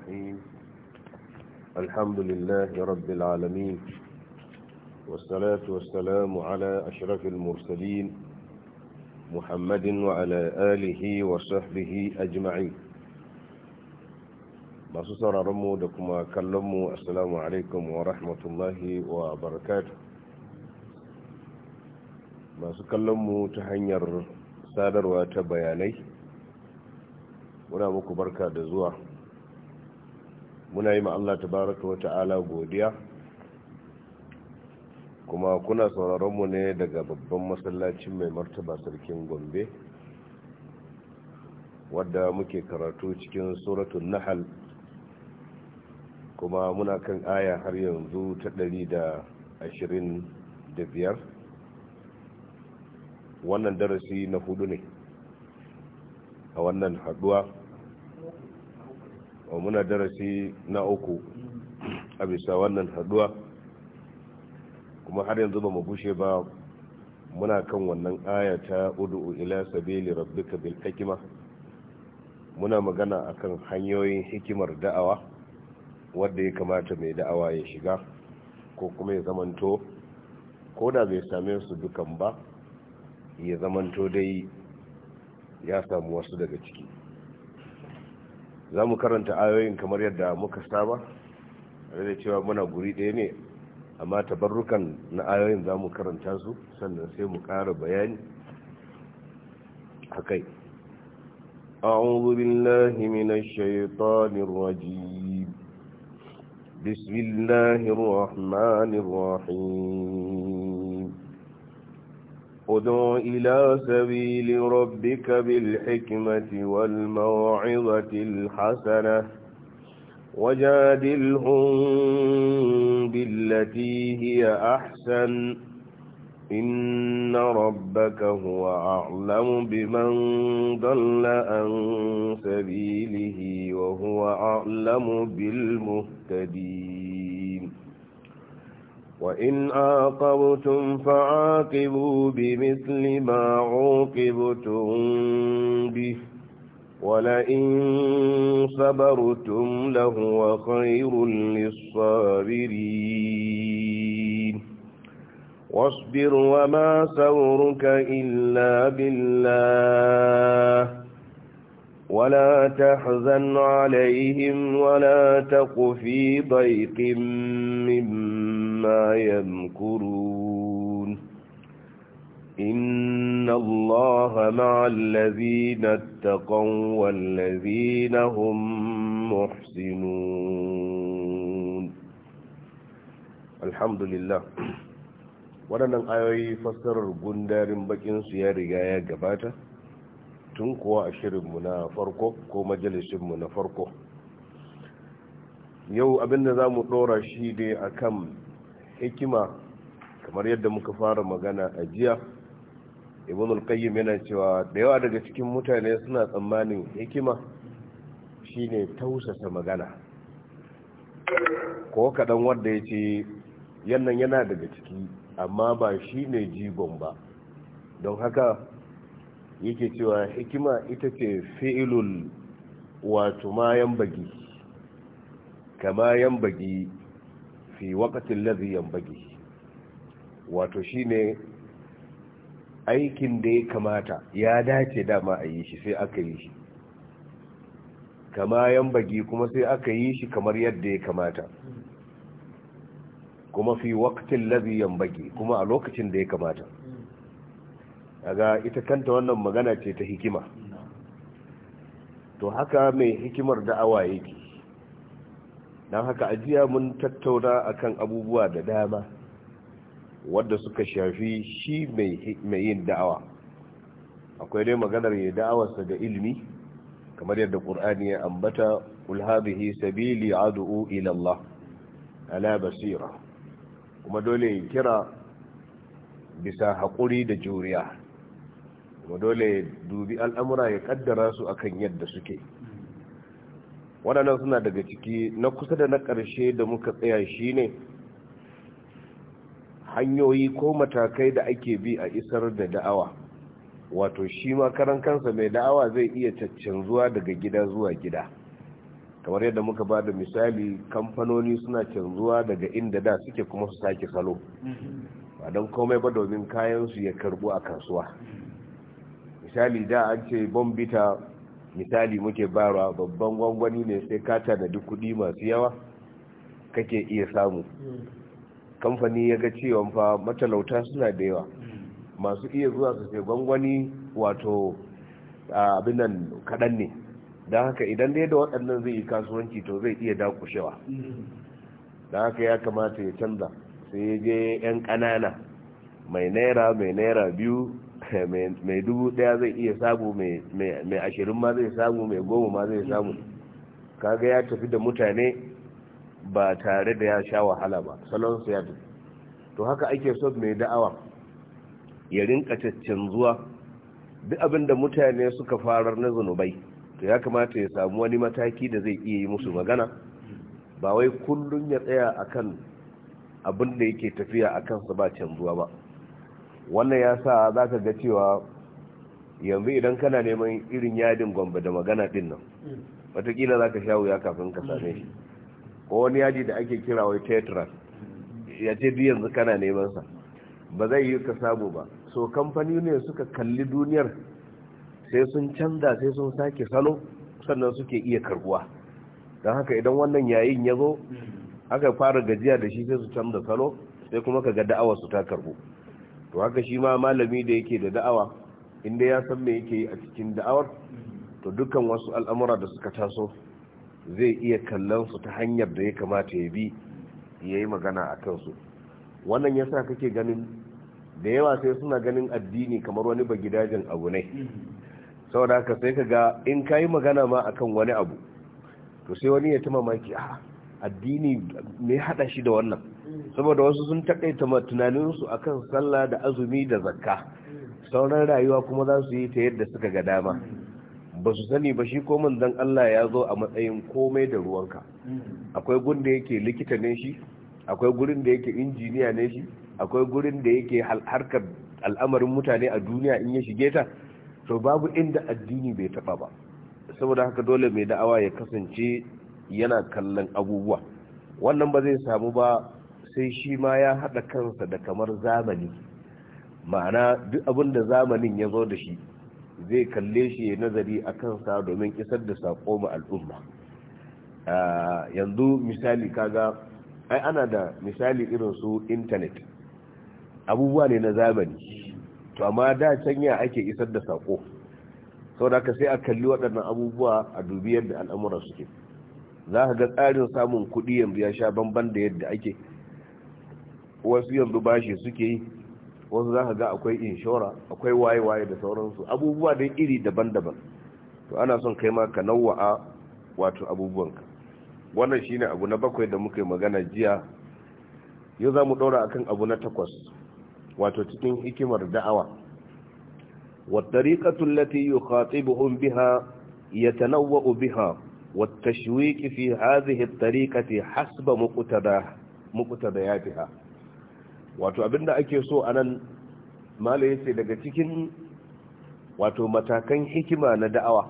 الرحيم الحمد لله رب العالمين والصلاة والسلام على أشرف المرسلين محمد وعلى آله وصحبه أجمعين بصصر رمودكم وكلموا السلام عليكم ورحمة الله وبركاته masu kallon mu ta hanyar sadarwa ta bayanai muna muna yi ma ta tabaraka wa ta'ala godiya kuma kuna sauraron mu ne daga babban masallacin mai martaba sarkin Gombe wadda muke karatu cikin suratun nahal. kuma muna kan aya har yanzu ta ɗari da ashirin da biyar wannan darasi na hudu ne a wannan haduwa Wa muna darasi na uku a bisa wannan haduwa kuma har yanzu ba mu bushe ba muna kan wannan aya ta udu ila sabili rabbika bil hikma muna magana akan hanyoyin hikimar da'awa wanda ya kamata mai da'awa ya shiga ko kuma ya zamanto ko da bai same su dukan ba ya zamanto dai ya samu wasu daga ciki za mu karanta ayoyin kamar yadda muka saba da cewa muna guri ɗaya ne amma tabarrukan na ayoyin za mu karanta su sannan sai mu ƙara bayani a kai أعوذ بالله من الشيطان الرجيم بسم الله الرحمن الرحيم ادع إلى سبيل ربك بالحكمة والموعظة الحسنة وجادلهم بالتي هي أحسن إن ربك هو أعلم بمن ضل عن سبيله وهو أعلم بالمهتدين وإن عاقبتم فعاقبوا بمثل ما عوقبتم به ولئن صبرتم لهو خير للصابرين واصبر وما سورك إلا بالله ولا تحزن عليهم ولا تق في ضيق مما يمكرون إن الله مع الذين اتقوا والذين هم محسنون الحمد لله waɗannan ayoyi fassarar gundarin bakin su ya riga ya gabata tun kuwa a shirinmu na farko ko majalisinmu na farko yau abinda za mu ɗora shi ne a kan hikima kamar yadda muka fara magana a jiya ibn al-qayyim yana cewa da yawa daga cikin mutane suna tsammanin hikima shi ne tausasa magana ko kaɗan wanda ya ce yannan yana daga ciki amma ba shi ne jigon ba don haka yake cewa hikima ita ce fi'ilul wato ma yambagi kama bagi fi wakatin lafiyan bagi wato shine aikin da ya kamata ya dace dama a yi shi sai aka yi shi kama bagi kuma sai aka yi shi kamar yadda ya kamata kuma fi wakatin lafiyan bagi kuma a lokacin da ya kamata daga ita kanta wannan magana ce ta hikima to haka mai hikimar da'awa yake don haka ajiya mun tattauna akan abubuwa da dama wadda suka shafi shi mai yin da'awa akwai dai maganar ya da'awarsa da ilimi kamar yadda ƙur'ani ya ambata ulhabihi sabili adu'u ilallah ala basira kuma dole ya kira bisa haƙuri da juriya kuma dole dubi al'amura ya kaddara su akan yadda suke waɗannan suna daga ciki na kusa da na ƙarshe da muka tsaya shi ne hanyoyi ko matakai da ake bi a isar da da'awa wato shi ma kansa mai da'awa zai iya zuwa daga gida zuwa gida kamar yadda muka ba da misali kamfanoni suna canzuwa daga inda da suke kuma su sake salo ba don komai ba domin kayansu ya karbu a kasuwa misali da an ce bombita misali muke barwa babban gwangwani ne sai ka duk kudi masu yawa kake iya samu kamfani ya ga cewa fa matalauta suna da yawa masu iya zuwa su sai gwangwani wato abin nan kaɗan ne don haka idan dai da waɗannan zai yi kasuwanci to zai iya dakushewa don haka ya kamata ya canza sai ya je 'yan ƙanana mai naira mai naira biyu mai dubu daya zai iya samu mai ashirin ma zai samu mai goma ma zai samu kaga ya tafi da mutane ba tare da ya sha wahala ba salon ya to haka ake so mai da'awa ya rinka zuwa duk abin da mutane suka farar na zunubai to ya kamata ya samu wani mataki da zai iya yi musu magana ba wai kullum ya tsaya akan abin da yake tafiya akan su ba canzuwa ba wannan ya sa za ka ga cewa yanzu idan kana neman irin yadin gwamba da magana din nan watakila za ka sha wuya kafin ka same shi ko wani yadi da ake kira wai tetra ya ce duk yanzu kana neman sa ba zai yi ka samu ba so kamfani ne suka kalli duniyar sai sun canza sai sun sake salo sannan suke iya karbuwa don haka idan wannan yayin ya zo aka fara gajiya da shi sai su canza salo sai kuma ka ga da'awar su ta karbu to haka shi ma malami da yake da da'awa inda ya san me yake a cikin da'awar to dukkan wasu al'amura da suka taso zai iya kallon su ta hanyar da ya kamata ya bi ya yi magana a kansu wannan ya yasa kake ganin da yawa sai suna ganin addini kamar wani ba gidajen abu ne saboda haka sai ka ga in ka yi magana ma a kan wani abu to sai wani ya ta mamaki a ah, addini me hada shi da wannan saboda wasu sun takaita tunaninsu kan sallah da azumi da zakka sauran rayuwa kuma za su yi ta yadda suka ga dama ba su sani ba shi ko manzon Allah ya zo a matsayin komai da ruwanka akwai da yake likita ne shi akwai gurin da yake injiniya ne shi akwai gurin da yake harkar al'amarin mutane a duniya in ya shige ta to babu inda addini bai taba ba saboda haka dole mai da'awa ya kasance yana kallon abubuwa wannan ba zai samu ba sai shi ma ya haɗa kansa da kamar zamani ma'ana duk abin da zamanin ya zo da shi zai kalle shi ya nazari a kansa domin isar da saƙo ma al'umma yanzu misali kaga ai ana da misali irin su intanet abubuwa ne na zamani to amma da can ya ake isar da saƙo da ka sai a kalli waɗannan abubuwa a dubi yadda al'amuran suke za ka ga tsarin samun kuɗi yanzu ya sha bamban da yadda ake wasu yanzu bashi suke yi wasu za ka ga akwai inshora akwai waye-waye da sauransu abubuwa da iri daban-daban to ana son kai ma ka nawa'a wato abubuwanka wannan shine abu na bakwai da muka magana jiya yau za mu ɗora akan abu na takwas wato cikin hikimar da'awa biha والطريقة التي يخاطبهم بها يتنوأ بها والتشويق في hasba ya fi ha. wato abinda ake so a nan mala ya daga cikin wato matakan hikima na da'awa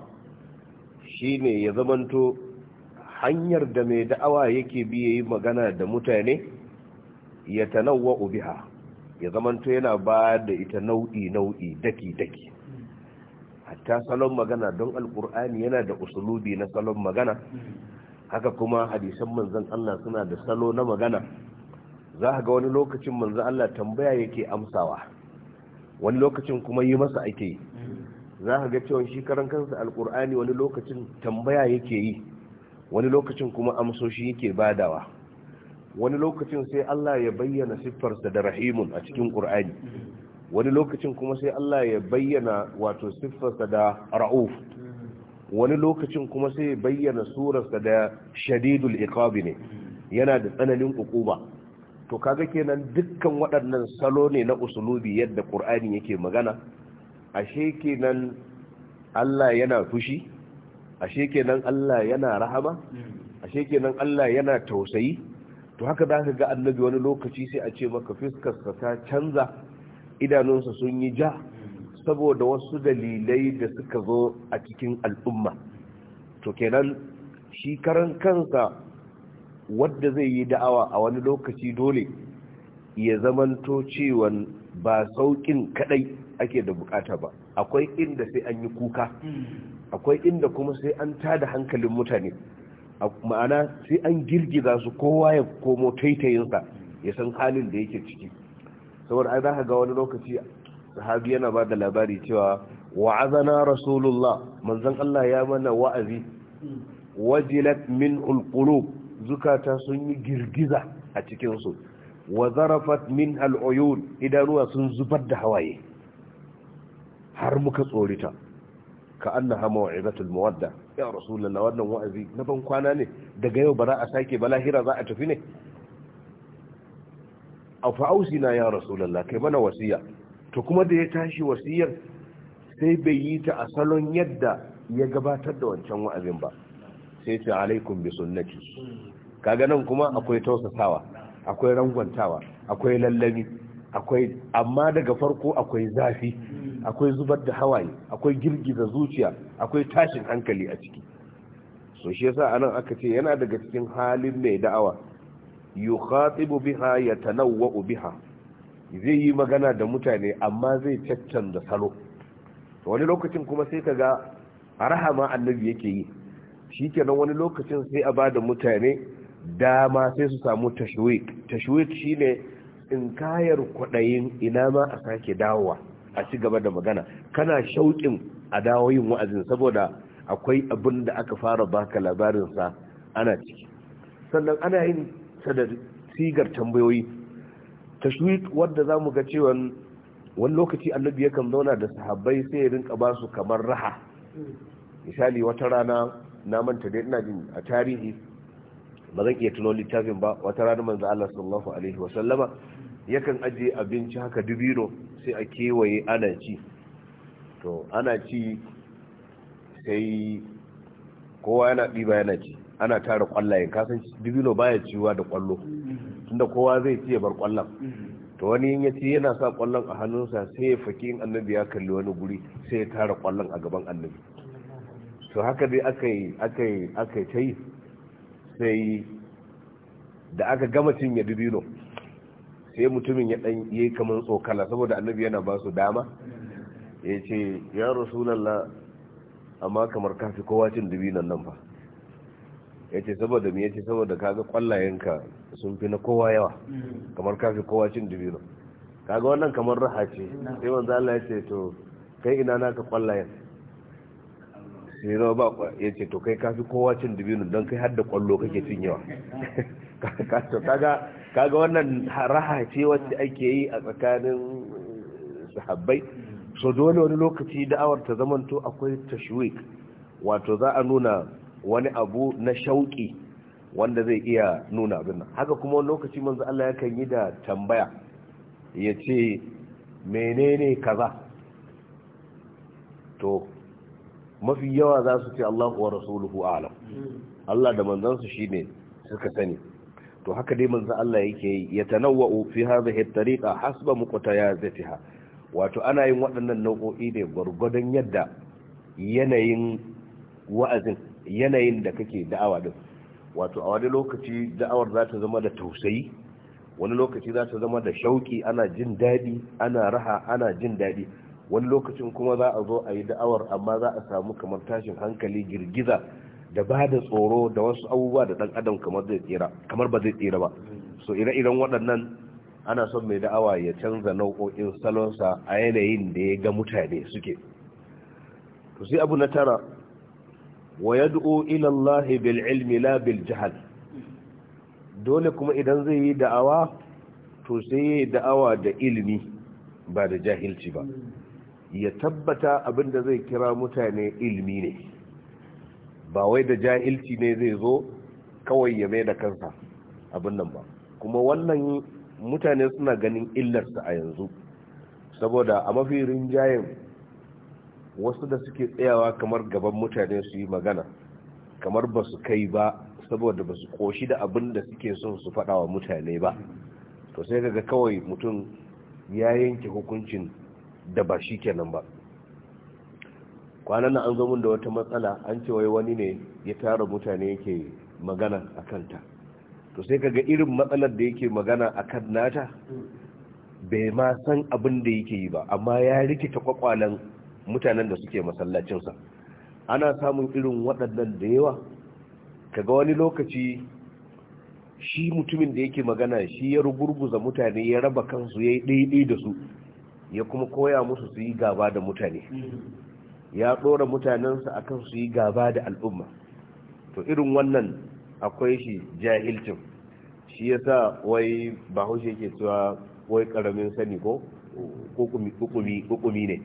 shine ya zamanto hanyar da mai da'awa yake biye yi magana da mutane ya nawa ubiha ya zamanto yana ba da ita nau'i nau'i daki daki hatta salon magana don alkur'ani yana da usulubi na salon magana haka kuma hadisan manzon Allah suna da salo na magana za ga wani lokacin manzo Allah tambaya yake amsawa wani lokacin kuma yi masa ake yi za a ga cewa shi karan kansa alkur'ani wani lokacin tambaya yake yi wani lokacin kuma amsoshi yake badawa wani lokacin sai Allah ya bayyana siffarsa da rahimun a cikin ƙur'ani wani lokacin kuma sai Allah ya bayyana wato siffarsa da ra'uf wani lokacin kuma sai ya bayyana surarsa da shadidul iqabi ne yana da tsananin ukuba to kaga kenan dukkan waɗannan salo ne na usulubi yadda ƙur'ani yake magana ashe kenan Allah yana fushi ashe kenan Allah yana rahama ashe kenan Allah yana tausayi to haka za ka ga annabi wani lokaci sai a ce maka sa ta canza idanunsa sun yi ja saboda wasu dalilai da suka zo a cikin al'umma to kenan shi karan kansa wadda zai yi da'awa a wani lokaci dole ya zamanto ciwon ba saukin kadai ake da bukata ba akwai inda sai an yi kuka akwai inda kuma sai an tada hankalin mutane ma'ana sai an girgiza su kowa ya komo taitayinsa ya san halin da yake ciki saboda ai za ka ga wani lokaci sahabi yana ba da labari cewa wa'azana rasulullah manzon Allah ya mana wa'azi hmm. wajilat min ulqulub zukata sun yi girgiza a cikinsu wa zarafat min al'uyun idanuwa sun zubar da hawaye har muka tsorita ka an na hama muwadda ya rasulullah wannan wa'azi na ban kwana ne daga yau ba za a sake ba lahira za a tafi ne a na ya rasulullah kai mana wasiya to kuma da ya tashi wasiyar sai bai yi ta a salon yadda ya gabatar da wancan wa'azin ba sai ta alaikum bi sunnati kaga nan kuma akwai tausasawa akwai rangwantawa akwai lallami akwai amma daga farko akwai zafi akwai zubar da hawaye akwai girgiza zuciya akwai tashin hankali a ciki so shi yasa nan aka ce yana daga cikin halin mai da'awa yukhatibu biha yatanawwa'u biha zai yi magana da mutane amma zai caccan da salo wani lokacin kuma sai ka kaga rahama annabi yake yi Shi shikenan wani lokacin sai a bada mutane dama sai su samu tashwik tashwik shine kayar kwaɗayin ina ma a sake dawowa a ci gaba da magana kana shauƙin a dawo yin wa'azin saboda akwai abin da aka fara baka labarinsa ana ciki sannan ana yin sa sigar tambayoyi tashwik wanda zamu ga cewa wani lokaci annabi yakan zauna da sahabbai sai ya rinka ba su kamar raha misali wata rana na manta dai ina jin a tarihi ba zan iya tuno littafin ba wata rana manzo Allah sallallahu alaihi wasallama yakan aje abinci haka dubiro sai a kewaye ana ci to ana ci sai kowa yana ɗiba yana ci ana tara kwallayen kasan dubiro baya ciwa da kwallo tunda kowa zai ci ya bar kwallon to wani in ya ci yana sa kwallon a hannunsa sai ya faki in annabi ya kalli wani guri sai ya tara kwallon a gaban annabi to haka dai aka yi aka aka yi ta yi sai da aka gama cinye dubino sai mutumin ya dan yi kamar tsokala saboda annabi yana ba su dama ya ce ya rasulallah amma kamar kafi kowa cin dubinan nan fa ya ce saboda me ya ce saboda kaga kwallayenka sun fi na kowa yawa kamar kafi kowa cin dubinan kaga wannan kamar raha ce sai wanzu Allah ya ce to kai ina naka kwallayen sai zama ba kwa ya ce to kai kafi kowa cin dubinu don kai har da kwallo kake cin yawa kaga wannan raha ce wacce ake yi a tsakanin eh, sahabbai so dole wani lokaci da'awar ta zamanta akwai tashwik wato za a nuna wani abu na shauƙi wanda zai iya nuna abin haka kuma wani lokaci manzo Allah ya kan yi da tambaya ya ce menene kaza to mafi yawa za su ce Allahu wa rasuluhu a'lam Allah da manzansu shine suka sani to haka dai manzan Allah yake yi ya tanawwa'u fi hadhihi at-tariqa hasba muqtayazatiha wato ana yin waɗannan nau'o'i ne gwargwadon yadda yanayin wa'azin yanayin da kake da'awa din wato a wani lokaci da'awar za ta zama da tausayi wani lokaci za ta zama da shauki ana jin daɗi ana raha ana jin daɗi wani lokacin kuma za a zo a yi da'awar amma za a samu kamar tashin hankali girgiza da ba da tsoro da wasu abubuwa da dan adam kamar zai ba zai tsira ba so ire-iren waɗannan ana son mai da'awa ya canza nau'o'in salonsa a yanayin da ya ga mutane suke to sai abu na tara wa yad'u ila Allah bil ilmi la bil jahl dole kuma idan zai yi da'awa to sai ya da'awa da ilimi ba da jahilci ba ya tabbata abin da zai kira mutane ilmi ne ba wai da jahilci ne zai zo kawai ya mai da kansa abin nan ba kuma wannan mutane suna ganin illarsa a yanzu saboda a mafi rinjayen wasu da suke tsayawa kamar gaban mutane su yi magana kamar ba su kai ba saboda ba su koshi da abin da suke son su faɗa wa mutane ba to sai daga kawai mutum ya yanke hukuncin da ba shi kenan ba kwanan nan an zo mun da wata matsala an ce wai wani ne ya tara mutane yake magana a kanta to sai kaga irin matsalar da yake magana a kan nata bai ma san abin da yake yi ba amma ya rikita kwakwalen mutanen da suke masallacinsa ana samun irin waɗannan da yawa kaga wani lokaci shi mutumin da yake magana shi ya rugurguza mutane ya raba kansu ya yi ɗaiɗai da su ya kuma koya musu su yi gaba da mutane ya ɗora mutanensa akan su yi gaba da al'umma to irin wannan akwai shi jahilcin shi ya sa wai bahaushe ke cewa wai karamin sani ko kukumi ne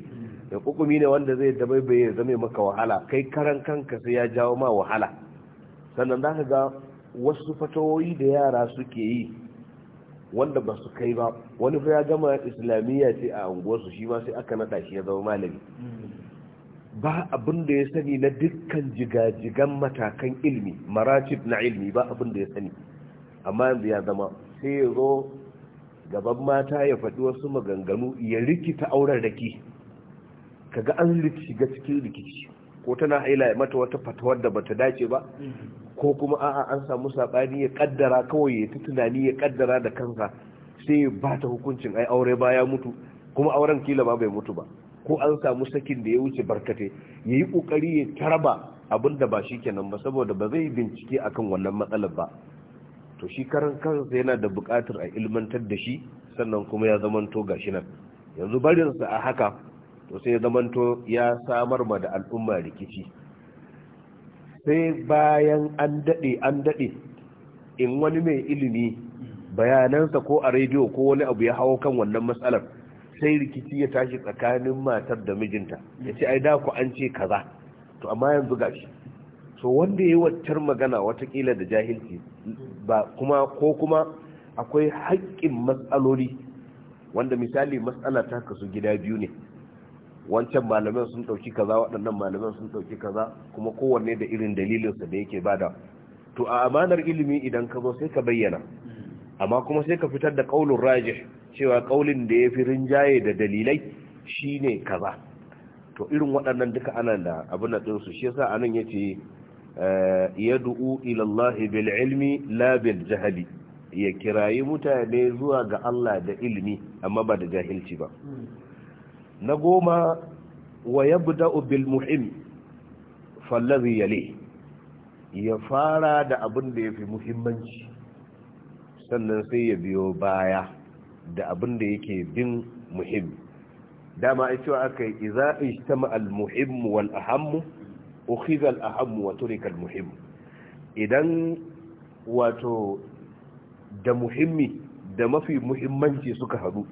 da kukumi ne wanda zai da baibaye zame maka wahala kai karan kanka sai ya jawo ma wahala sannan za ka ga wasu fatawoyi da yara suke yi wanda ba su kai ba wani fa ya gama islamiyya ce a unguwarsu shi ma sai aka naɗa shi ya zama malami ba abin da ya sani na dukkan jigajigan matakan ilmi maratib na ilmi ba abin da ya sani amma yanzu ya zama sai ya zo gaban mata ya faɗi wasu maganganu ya rikita auren raki kaga an shiga cikin rikici ko tana haila mata wata fatawar da bata dace ba ko kuma a'a an samu saɓani ya ƙaddara kawai ya ta tunani ya ƙaddara da kansa sai ya ba ta hukuncin ai aure baya mutu kuma auren kila ma bai mutu ba ko an samu sakin da ya wuce barkate ya yi ƙoƙari ya taraba abin da ba shi kenan ba saboda ba zai bincike akan wannan matsalar ba to shi karan kansa yana da buƙatar a ilmantar da shi sannan kuma ya zamanto gashi nan yanzu barinsa a haka to sai ya zamanto ya samar ma da al'umma rikici sai bayan an daɗe an daɗe in wani mai ilimi bayanansa ko a rediyo ko wani abu ya hawo kan wannan matsalar sai rikici ya tashi tsakanin matar da mijinta ya ce ai da ku an ce kaza to amma yanzu gashi to wanda ya yi waccar magana watakila da jahilci ba kuma ko kuma akwai haƙƙin matsaloli wanda misali matsala ta kasu gida biyu ne wancan malaman sun ɗauki kaza waɗannan malaman sun ɗauki kaza kuma kowanne da irin dalilinsa da yake bada to a amanar ilimi idan ka zo sai ka bayyana amma kuma sai ka fitar da ƙaunin rajih cewa ƙaunin da ya fi rinjaye da dalilai shine kaza to irin waɗannan duka ana da abin da ɗinsu shi yasa anan ya ce eh, ya du'u ilallahi bil ilmi la bil jahali ya kirayi mutane zuwa ga Allah da ilimi amma ba da jahilci ba na goma wa buda bil muhim fallazi yali ya fara da abin da ya yafi muhimmanci sannan sai ya biyo baya da abin da yake bin muhim dama a cewa aka yi idza ta ma'al muhim wal ahammu ukhizal ahammu wa turikal muhim idan wato da muhimmi da mafi muhimmanci suka hadu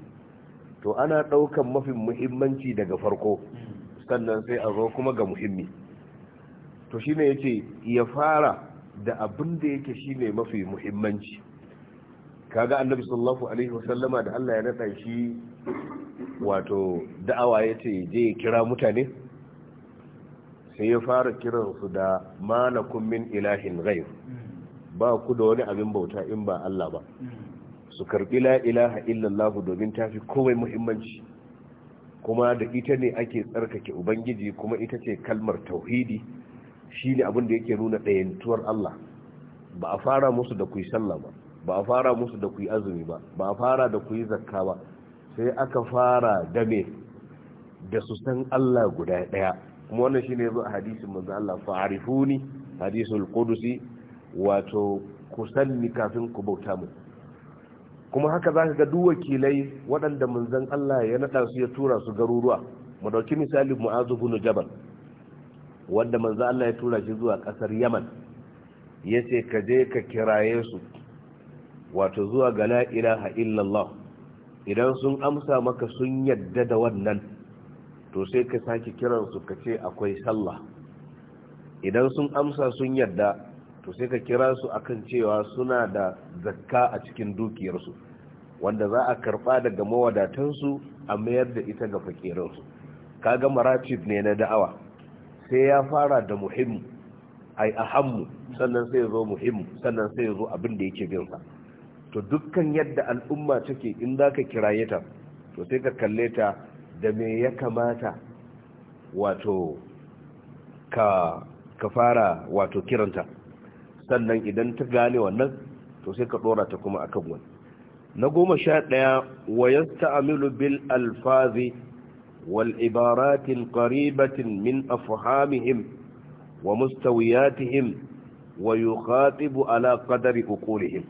to ana ɗaukan mafi muhimmanci daga farko sannan sai a zo kuma ga muhimmi to shine yace ya fara da abin da yake shine mafi muhimmanci kaga annabi sallallahu alaihi wasallama da Allah ya nada shi wato da'awa yace je ya kira mutane sai ya fara kiran su da malakum min ilahin ghayr ba ku da wani abin bauta in ba Allah ba mm. su karbi la ilaha illallah domin ta fi kowai muhimmanci kuma da ita ne ake tsarkake ubangiji kuma ita ce kalmar tauhidi shi ne abin da yake nuna ɗayantuwar Allah ba a fara musu da ku yi sallah ba ba a fara musu da ku yi azumi ba ba a fara da ku yi zakka ba sai aka fara da me da su san Allah guda ɗaya kuma wannan shine zuwa hadisin manzo Allah fa'arifuni hadisul qudusi wato ku sanni kafin ku bauta mu kuma haka za ka ga duk wakilai waɗanda manzan Allah ya naɗa su ya tura su garuruwa mu ɗauki misali mu'azu bin jabal wanda manzon Allah ya tura shi zuwa ƙasar yaman ya ce ka je ka kiraye su wato zuwa ga la ilaha illallah idan sun amsa maka sun yadda da wannan to sai ka sake kiransu ka ce akwai sallah idan sun amsa sun yadda to sai ka kira su akan cewa suna da zakka a cikin dukiyarsu wanda za a karba daga mawadatansu a mayar da ita ga ka kaga maratib ne na da'awa sai ya fara da muhimmi ai ahammu sannan sai ya zo muhimmi sannan sai ya zo abin da yake binsa to dukkan yadda al'umma take in za ka kiraye ta to sai ka kalle ta da me ya kamata wato ka, ka fara wato kiranta sannan idan ta gane wannan to sai ka dora ta kuma akan wani na goma sha ɗaya wa yasta'milu bil alfazi wal ibaratin qaribatin min afhamihim wa mustawiyatihim wa yukhatibu ala qadari uqulihim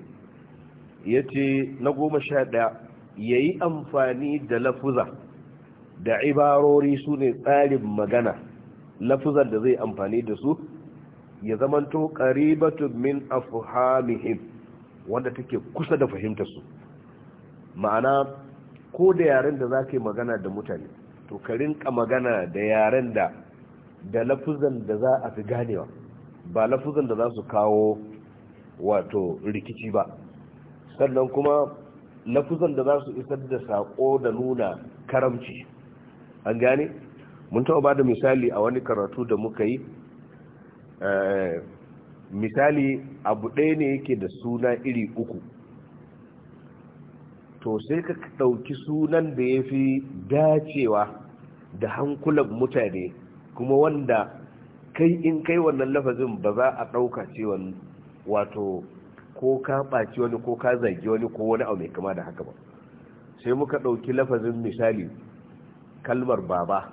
yace na goma sha ɗaya yayi amfani da lafuza da ibarori su ne tsarin magana Lafuzar da zai amfani da su ya zamanto ƙaribatu min afhamihim wanda take kusa da fahimtar su ma'ana ko da yaren da zaka yi magana da mutane to ka magana da yaren da da lafuzan da za a fi ganewa ba lafuzan da za su kawo wato rikici ba sannan kuma lafuzan da za su isar da sako da nuna karamci an gane mun taɓa ba da misali a wani karatu da muka yi Eh, misali abu ɗaya ne yake da suna iri uku to sai ka ɗauki sunan da ya fi dacewa da hankulan mutane kuma wanda kai in kai wannan lafazin ba za a ɗauka cewa wato ko ka ɓaci wani ko ka zagi wani ko wani abu mai kama da haka ba sai muka ɗauki lafazin misali kalmar baba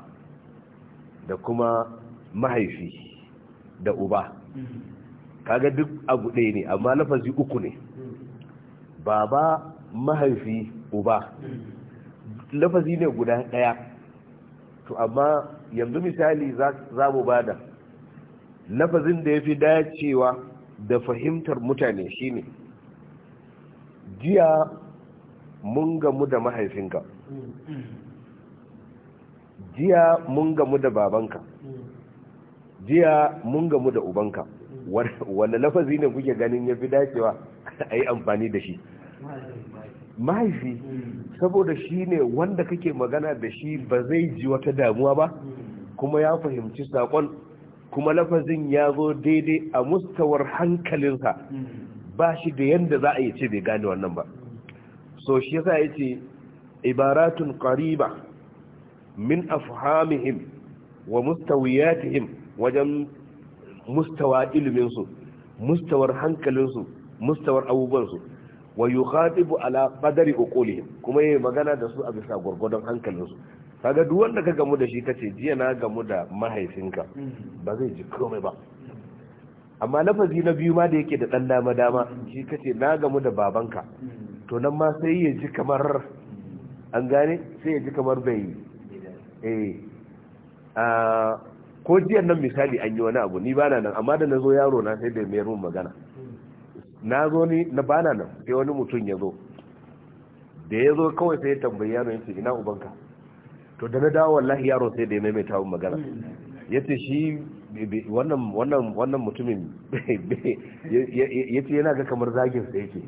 da kuma mahaifi da uba kaga duk abu ɗaya ne amma lafazi uku ne baba mahaifi uba lafazi ne guda ɗaya to amma yanzu misali za mu bada lafazin da ya fi dacewa da fahimtar mutane shine jiya mun gamu da mahaifinka jiya mun gamu da babanka jiya mun gamu da ubanka wanda lafazi ne kuke ganin ya fi dacewa a yi amfani da shi mahaifi saboda shi ne wanda kake magana da shi ba zai ji wata damuwa ba kuma ya fahimci saƙon kuma lafazin ya zo daidai a mustawar hankalinsa ba shi da yadda za a yi ce bai gane wannan ba so shi yasa ya ce ibaratun ƙariba min afhamihim wa mustawiyatihim wajen mustawa iliminsu mustawar hankalinsu mustawar abubuwansu wa yukhatibu ala qadari uqulihim kuma yayi magana da su a bisa gurgurdan hankalinsu kaga duk wanda ka gamu da shi kace jiya na gamu da mahaifinka ba zai ji komai ba amma lafazi na biyu ma da yake da dan dama dama shi kace na gamu da babanka to nan ma sai ya ji kamar an gane sai ya ji kamar bai eh ah, ko jiyan nan misali an yi wani abu ni bana nan amma da na zo yaro na sai da mai ruwan magana na zo ni na bana nan sai wani mutum ya zo da ya zo kawai sai ya tambayi yaro yace ina ubanka to da na dawo wallahi yaro sai da ya maimaita mun magana yace shi wannan wannan wannan mutumin yace yana ga kamar zagin sa yake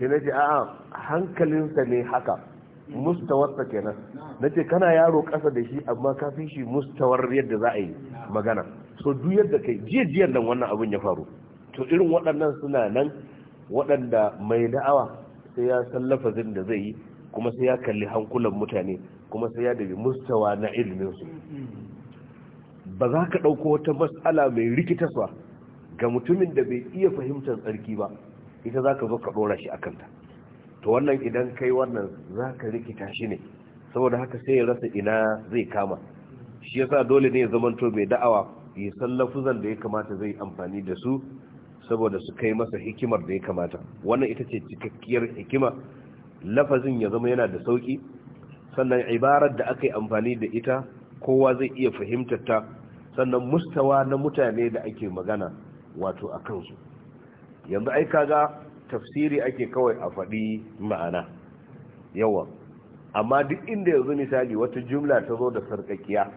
sai na ce a'a hankalinsa ne haka mustawarsa kenan na ce kana yaro ƙasa da shi amma ka shi mustawar yadda za a yi magana so duk yadda kai jiyar nan wannan abin ya faru to irin waɗannan suna nan waɗanda mai da'awa sai ya san lafazin da zai yi kuma sai ya kalli hankulan mutane kuma sai ya dabi mustawa na su ba za ka ɗauko wata matsala mai rikitaswa ga mutumin da bai iya fahimtar tsarki ba ita za ka zo ka ɗora shi a kanta to wannan idan kai wannan za ka rikita shi ne saboda haka sai ya rasa ina zai kama shi yasa dole ne ya zamanto mai da'awa ya san lafuzan da ya kamata zai amfani da su saboda su kai masa hikimar da ya kamata wannan ita ce cikakkiyar hikima lafazin ya zama yana da sauki sannan ibarar da aka yi amfani da ita kowa zai iya fahimtar ta sannan mustawa na mutane da ake magana wato a kansu yanzu ai ga. tafsiri ake kawai a faɗi ma'ana yawa amma duk inda yanzu misali wata jumla ta zo da sarkakiya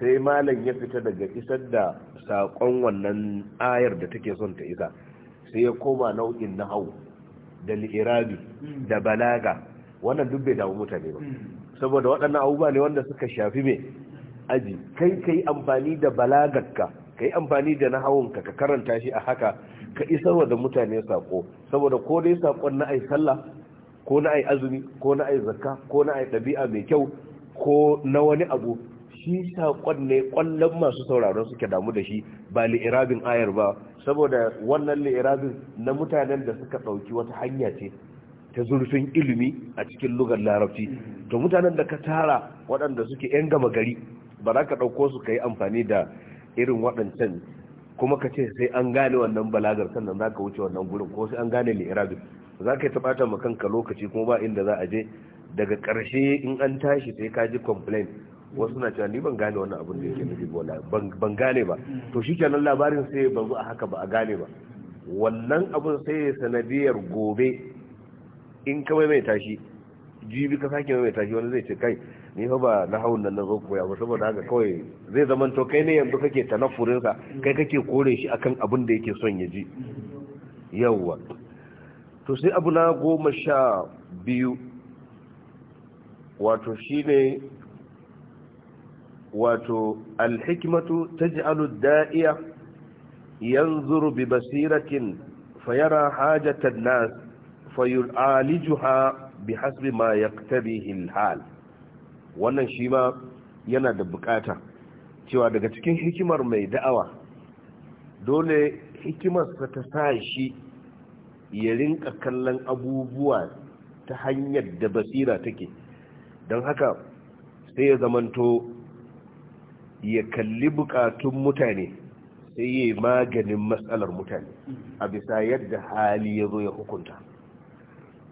sai malam ya fita daga isar da saƙon wannan ayar da take son ta isa sai ya koma nau'in na hau da li'irabi hmm. da balaga wannan duk bai damu mutane ba hmm. saboda waɗannan abubuwa ne wanda suka shafi mai aji kai kai amfani da balagarka ka yi amfani da na nahawunka ka karanta shi a haka ka isarwa da mutane saƙo saboda ko dai saƙon na ai sallah ko na ai azumi ko na ai zakka ko na ai ɗabi'a mai kyau ko na wani abu shi saƙon ne ƙwallon masu sauraron suke damu da shi ba li'irabin ayar ba saboda wannan li'irabin na mutanen da suka ɗauki wata hanya ce ta zurfin ilimi a cikin lugar larabci to mutanen da ka tara waɗanda suke 'yan gama gari ba za ka ɗauko su ka yi amfani da irin waɗancan kuma ka ce sai an gane wannan balagar sannan za ka wuce wannan gudun ko sai an gane li'irabin za ka yi taɓata ma kanka lokaci kuma ba inda za a je daga ƙarshe in an tashi sai ka ji complain wasu na cewa ni ban gane wannan abin da yake nufi bola ban gane ba to shi kenan labarin sai ba a haka ba a gane ba wannan abin sai sanadiyar gobe in ka maimaita shi jibi ka sake maimaita shi wani zai ce kai ni fa ba na hawan nan zan koya ba saboda haka kawai zai zaman to kai ne yanzu kake tanafurin sa kai kake kore shi akan abin da yake son ya ji yawwa to sai abu na goma sha biyu wato shine wato ta taj'alu da'iya yanzuru bi basiratin fayara hajatan nas bi bihasbi ma yaqtabihi alhal wannan shi ma yana da bukata cewa daga cikin hikimar mai da'awa dole hikimarsa ta sa shi ya rinka kallon abubuwa ta hanyar da basira take don haka sai ya zamanto ya kalli bukatun mutane sai ya maganin matsalar mutane a bisa yadda hali ya zo ya hukunta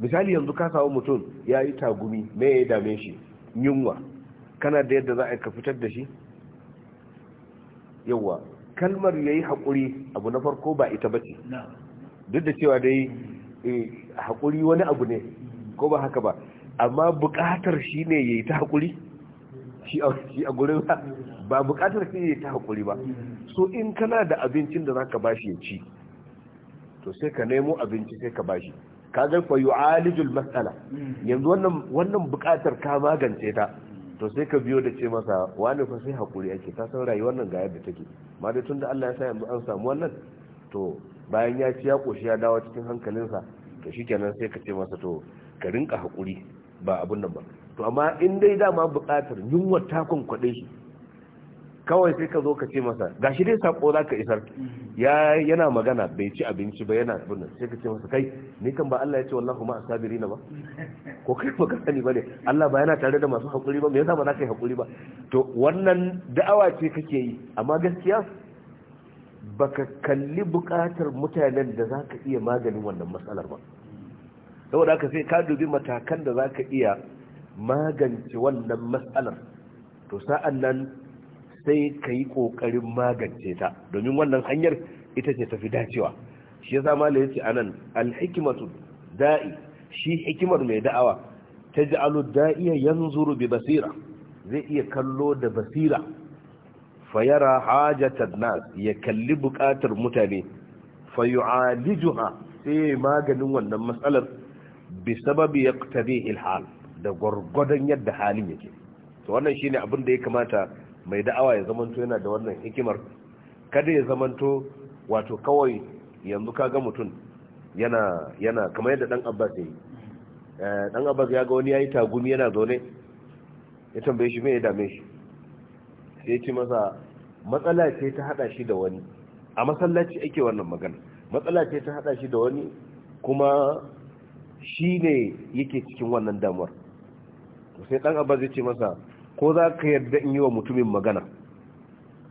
misali yanzu ka samu mutum ya yi tagumi me ya dame shi yunwa kana da yadda za a ka fitar da shi yawa kalmar ya yi haƙuri abu na farko ba ita ba ce duk da cewa dai eh, haƙuri wani abu ne ko ba haka ba amma buƙatar shi ne ya yi ta haƙuri shi a gurin ba ba buƙatar shi ne ya yi ta haƙuri ba so in kana da abincin da za ka bashi ya ci to sai ka nemo abinci sai ka bashi Ka kaga fa Alijul matsala yanzu wannan bukatar ka magance ta to sai ka biyo da ce masa wani fa sai hakuri ake ta san rayuwar nan ga yadda take ma dai da Allah ya sa yanzu an samu wannan to bayan ya ci ya koshi ya dawo cikin hankalinsa to shi nan sai ka ce masa to ka rinka hakuri ba abun nan ba to amma in dai dama bukatar yunwa takon kwaɗe shi kawai sai ka zo ka ce masa gashi dai sako za ka isar ya yana magana bai ci abinci ba yana abin sai ka ce masa kai ni kan ba Allah ya ce wallahu ma asabiri na ba ko kai ba ka sani bane Allah ba yana tare da masu hakuri ba me yasa ba za ka yi hakuri ba to wannan da'awa ce kake yi amma gaskiya baka kalli bukatar mutanen da za ka iya maganin wannan matsalar ba saboda haka sai ka dubi matakan da za ka iya magance wannan matsalar to sa'an nan sai ka yi ƙoƙarin magance ta domin wannan hanyar ita ce tafi dacewa shi ya zama da yace anan alhikimatu da'i shi hikimar mai da'awa ta ji ja'alu da'iya yanzuru bi basira zai iya kallo da basira fayara hajatan nas ya kalli buƙatar mutane fayu'alijuha sai maganin wannan matsalar bi sababi yaqtadi ilhal da gwargwadon yadda halin yake to wannan shine abin da ya kamata mai da'awa ya zamanto yana da wannan hikimar kada ya zamanto wato kawai yanzu kaga mutum yana yana kamar yadda dan abbas yayi dan eh, abbas ya ga wani yayi tagumi yana zaune ya tambaye shi me ya dame shi sai ya ce masa matsala ce ta hada shi da wani a masallaci ake wannan magana matsala ce ta hada shi da wani kuma shi ne yake cikin wannan damuwar sai dan abbas ya ce masa ko za ka yarda in yi wa mutumin magana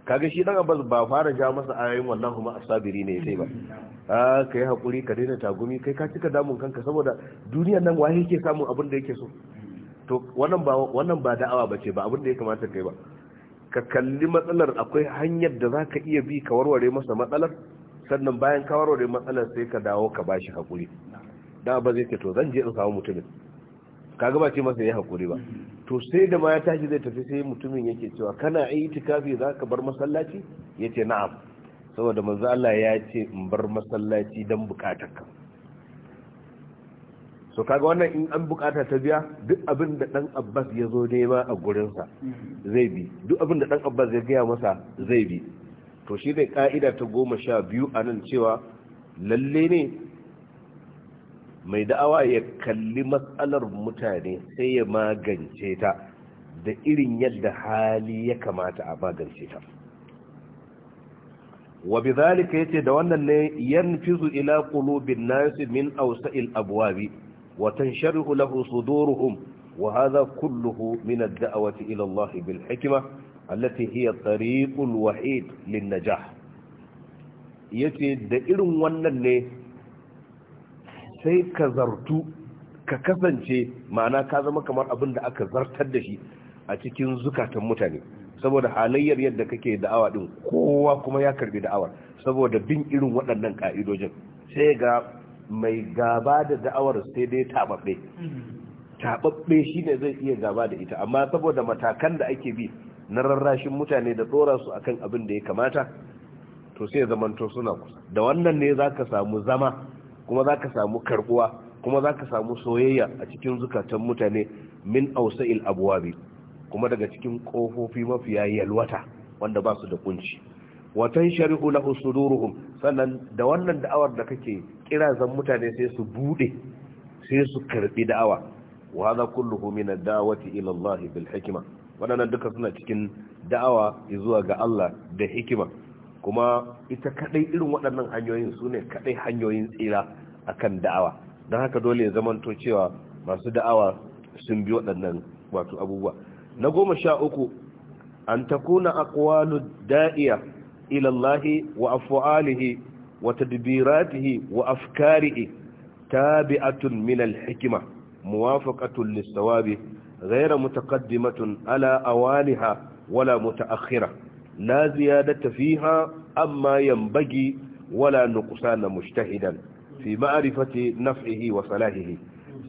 kaga shi dan abbas ba fara ja masa ayoyin wallahu ma asabiri ne sai ba a ka yi hakuri ka daina tagumi kai ka cika damun kanka saboda duniya nan waye yake samun abin da yake so to wannan ba wannan ba da'awa bace ba abin da ya kamata kai ba ka kalli matsalar akwai hanyar da zaka iya bi ka warware masa matsalar sannan bayan ka warware matsalar sai ka dawo ka bashi hakuri da ba zai to zan je in samu mutumin ka ba ce masa ya hakuri ba to sai da ma ya tashi zai tafi sai mutumin yake cewa kana itikafi za ka bar masallaci ya ce na'am saboda manzo Allah ya ce in bar masallaci don bukatar ka so kaga wannan in an bukata ta biya duk abin da dan Abbas ya zo nema a gurinsa zai bi duk abin da dan Abbas ya gaya masa zai bi to shi ne ka'ida ta goma sha biyu a nan cewa lalle ne mai da'awa ya kalli matsalar mutane sai ya magance ta da irin yadda hali ya kamata a magance ta wa bidhalika yace da wannan ne yanfizu ila kulubin nas min awsa'il abwabi watan tansharihu lahu suduruhum wa hadha kulluhu min ad-da'wati ila Allah bil hikma allati hiya tariqul wahid lin najah yace da irin wannan ne sai ka zartu ka kasance ma'ana ka zama kamar abin da aka zartar da shi a cikin zukatan mutane saboda halayyar yadda kake da'awa din kowa kuma ya karbi da'awar saboda bin irin waɗannan ƙa'idojin, sai ga mai gaba da da'awar sai dai tababbe tababbe ne zai iya gaba da ita amma saboda matakan da ake bi na rarrashin mutane da tsora su akan abin da ya kamata to sai zamanto suna kusa da wannan ne zaka samu zama kuma za ka samu karbuwa kuma za ka samu soyayya a cikin zukatan mutane min ausa'il abuwabi kuma daga cikin ƙofofi mafiya yalwata wanda ba su da kunci watan shari'u lahu suduruhum sannan da wannan da'awar da kake kira zan mutane sai su bude sai su karbi da'awa wa hadha kulluhu min ad-da'wati ila Allah bil hikma wadannan duka suna cikin da'awa zuwa ga Allah da hikima kuma ita kadai irin waɗannan hanyoyin su ne kadai hanyoyin tsira akan da'awa don haka dole ya zamanto cewa masu da'awa sun bi waɗannan wato abubuwa na goma sha uku an takuna aqwalu da'iya ilallahi wa afwalihi wa tadbiratihi wa afkarihi tabi'atun min al-hikma muwafaqatun lis-sawabi ghayra mutaqaddimatun ala awaniha wala akhira. la ziyadata fiha amma yambagi wala nuqsana mujtahidan fi ma'rifati naf'ihi wa salahihi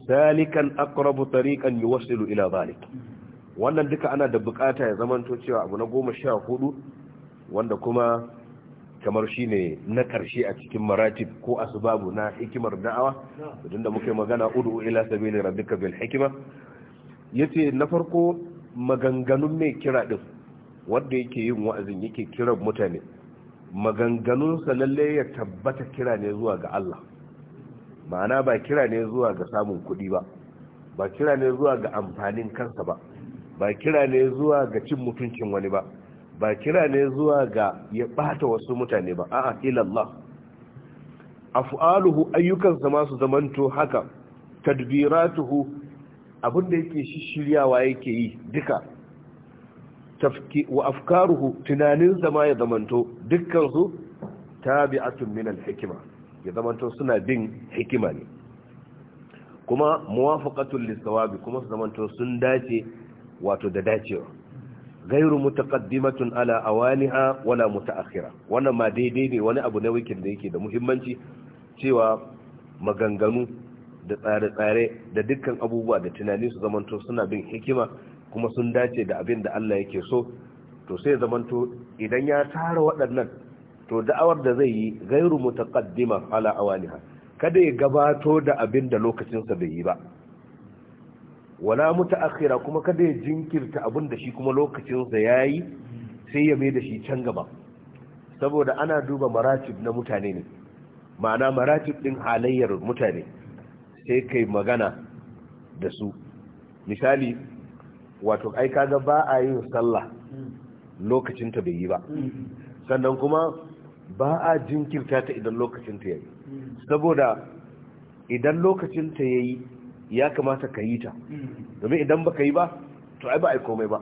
salikan aqrab tariqan yuwasilu ila dhalik wannan duka ana da bukata ya zamanto cewa abu na goma sha hudu wanda kuma kamar shi ne na ƙarshe a cikin maratib ko asbabu na hikimar da'awa idan da muke magana udu ila sabili rabbika bil hikima yace na farko maganganun mai kira din wanda yake yin wa'azin yake kiran mutane maganganunsa lalle ya tabbata kira ne zuwa ga Allah ma'ana ba kira ne zuwa ga samun kuɗi ba ba kira ne zuwa ga amfanin kansa ba ba kira ne zuwa ga cin mutuncin wani ba ba kira ne zuwa ga ya ɓata wasu mutane ba a'a ilallah af'aluhu ayyukansa ma su zamanto haka tadbiratuhu abinda yake shiryawa yake yi duka tafki wa afkaruhu tunanin zama ya zamanto dukkansu tabi'atun min al-hikma ya zamanto suna bin hikima ne kuma muwafaqatul lisawabi kuma su zamanto sun dace wato da dacewa gairu mutaqaddimatun ala awaniha wala mutaakhira wannan ma daidai ne wani abu na wikin da yake da muhimmanci cewa maganganu da tsare-tsare da dukkan abubuwa da tunani su zamanto suna bin hikima kuma sun dace da abin da Allah yake so to sai zamanto idan ya tara waɗannan to da'awar da zai yi gairu mutaqaddima ala awaliha kada ya gabato da abin da lokacinsa bai yi ba wala mutaakhira kuma kada ya jinkirta abin da shi kuma lokacinsa yayi sai ya mai da shi can gaba saboda ana duba maratib na mutane ne ma'ana maratib din halayyar mutane sai kai magana da su misali wato ai kaga ba a yin sallah lokacin ta bai yi ba sannan kuma ba a jinkirta ta idan lokacin ta yayi saboda idan lokacin ta yayi ya kamata ka yi ta domin idan baka yi ba to ai ba ai komai ba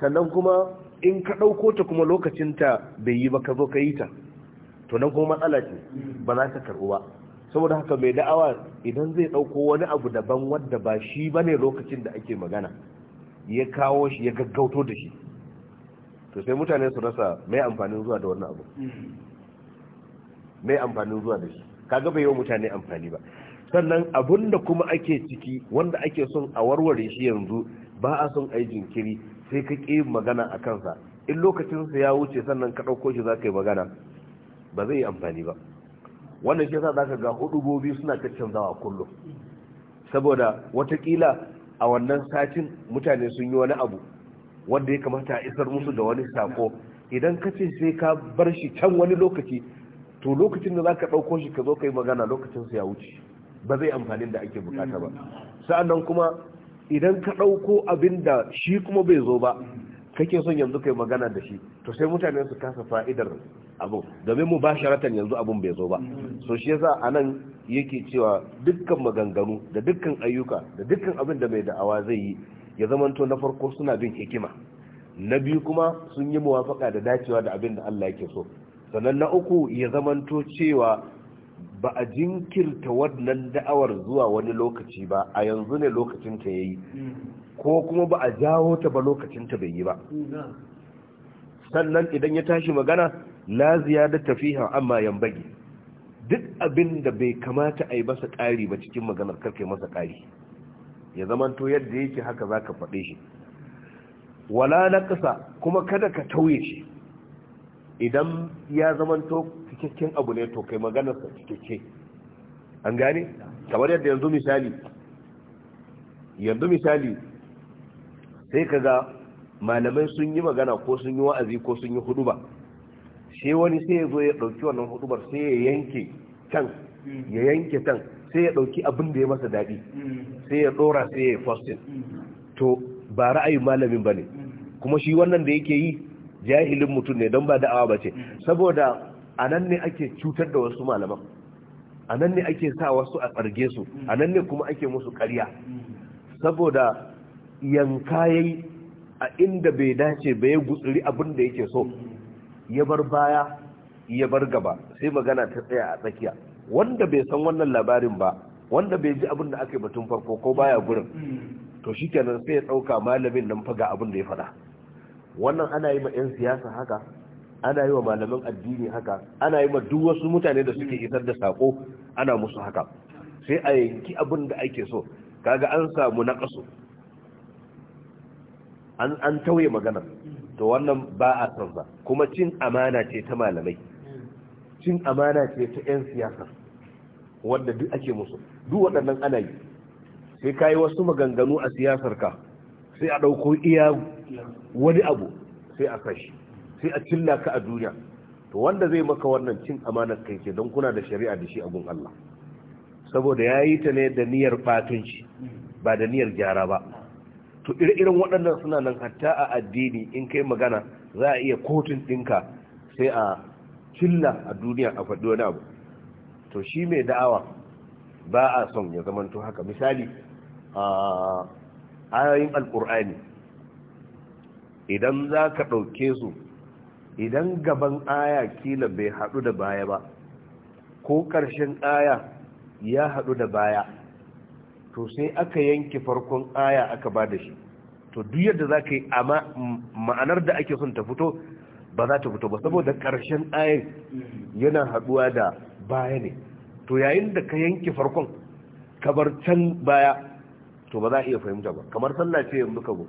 sannan kuma in ka ɗauko ta kuma lokacin ta bai yi ba ka zo ka yi ta to nan kuma matsala ce ba za ta karɓu ba saboda haka mai da'awa idan zai dauko wani abu daban wadda ba shi ba ne lokacin da ake magana ya kawo shi ya gaggauto da shi to sai mutane su rasa mai amfanin zuwa da wannan abu mai amfanin zuwa da shi kaga bai yi wa mutane amfani ba sannan abun da kuma ake ciki wanda ake son a warware shi yanzu ba a son ai jinkiri sai ka ƙi magana a kansa in lokacinsa ya wuce sannan ka ɗauko shi za ka yi magana ba zai yi amfani ba wannan shi yasa zaka ga hudubobi suna caccanzawa kullum saboda watakila a wannan satin mutane sun yi wani abu wanda ya kamata a isar musu da wani sako idan ka ce sai ka bar shi can wani lokaci to lokacin da zaka ɗauko shi ka zo ka yi magana lokacin sa ya wuce ba zai amfanin da ake bukata ba sa'annan kuma idan ka ɗauko abin da shi kuma bai zo ba kake son yanzu kai magana da shi to sai mutane su kasa fa'idar abu domin mu ba sharatan yanzu abun bai zo ba so shi yasa anan yake cewa dukkan maganganu da dukkan ayyuka da dukkan abin da mai da'awa zai yi ya zamanto na farko suna bin hikima na biyu kuma sun yi muwafaka da dacewa da abin da Allah yake so sannan na uku ya zamanto cewa ba a jinkirta wannan da'awar zuwa wani lokaci ba a yanzu ne lokacin ta yayi ko kuma ba a jawo ta ba lokacin ta bai yi ba sannan idan ya tashi magana la ziyada tafiha amma yambagi duk abin da bai kamata a yi masa ƙari ba cikin maganar karkai masa ƙari ya to yadda yake haka za ka faɗe shi wala na ƙasa kuma kada ka tauye shi idan ya to cikakken abu ne to kai maganarsa cikakke an gane kamar yadda yanzu misali yanzu misali sai ka ga malamai sun yi magana ko sun yi wa'azi ko sun yi huduba sai wani sai ya zo ya ɗauki wannan hudubar sai ya yanke can ya yanke can sai ya ɗauki abin da ya masa daɗi sai ya ɗora sai ya fastin to ba ra'ayin malamin ba ne kuma shi wannan da yake yi jahilin mutum ne don ba da'awa ba ce saboda a nan ne ake cutar da wasu malaman a nan ne ake sa wasu a tsarge su a nan ne kuma ake musu karya saboda yanka yayi a inda bai dace ba ya gutsuri abin da yake so ya bar baya ya bar gaba sai magana ta tsaya a tsakiya wanda bai san wannan labarin ba wanda bai ji abin da aka yi batun farko ko baya gurin hmm. to shi kenan sai ya ɗauka malamin nan faga abin da ya faɗa wannan ana yi ma 'yan siyasa haka ana yi wa malaman addini haka ana yi ma duk wasu mutane da suke isar da sako ana musu haka sai a yanki abin da ake so kaga an samu nakasu. an an tauye magana, to wannan ba a san ba kuma cin amana ce ta malamai cin amana ce ta 'yan siyasa wanda duk ake musu duk waɗannan ana yi sai ka yi wasu maganganu a siyasar ka sai a ɗauko iya wani abu sai a kashi sai a cilla ka a duniya to wanda zai maka wannan cin amanar kai ke don kuna da shari'a da shi a gun Allah saboda ya yi ta ne da niyyar batunci ba da niyyar gyara ba to ire-iren waɗannan suna nan hatta a addini in kai magana za a iya kotun ɗinka sai a cilla a duniya a faɗi wani abu to shi mai da'awa ba a son ya to haka misali a ayoyin alƙur'ani idan za ka ɗauke su idan gaban aya kila bai haɗu da baya ba ko ƙarshen aya ya haɗu da baya to sai aka yanke farkon aya aka ba da shi to duk yadda za ka yi amma ma'anar da ake son ta fito ba za ta fito ba saboda ƙarshen ayar yana haɗuwa da baya ne to yayin da ka yanke farkon ka bar can baya to ba za a iya fahimta ba kamar sallah ce yanzu ka go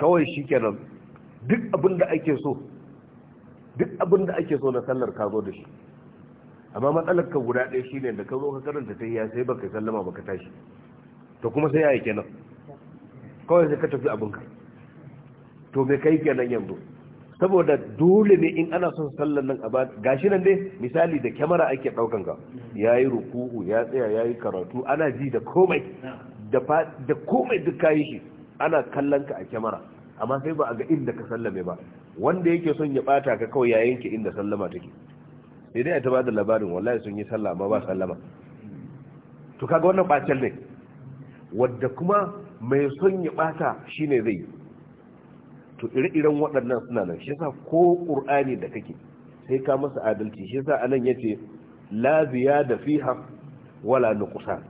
kawai shi kenan duk abin ake so duk abin da ake so na sallar ka zo da shi amma matsalar ka guda ɗaya shine da ka zo ka karanta ta ya sai baka sallama baka tashi to kuma sai yayi kenan kawai sai ka tafi ka to me kai kenan yanzu saboda dole ne in ana son sallar nan a ba gashi nan dai misali da kyamara ake daukan ka yayi ruku'u ya tsaya yayi karatu ana ji da komai da komai duk kayi shi ana kallon ka a kyamara amma sai ba a ga inda ka sallame ba wanda yake son ya bata ka kawai ya yanke inda sallama take sai dai a ta bada labarin wallahi sun yi sallah amma ba sallama to kaga wannan bacin ne wadda kuma mai son ya bata shine zai to ire-iren waɗannan suna nan shi yasa ko ƙur'ani da kake sai ka masa adalci shi yasa anan yace la ziyada fiha wala nuqsan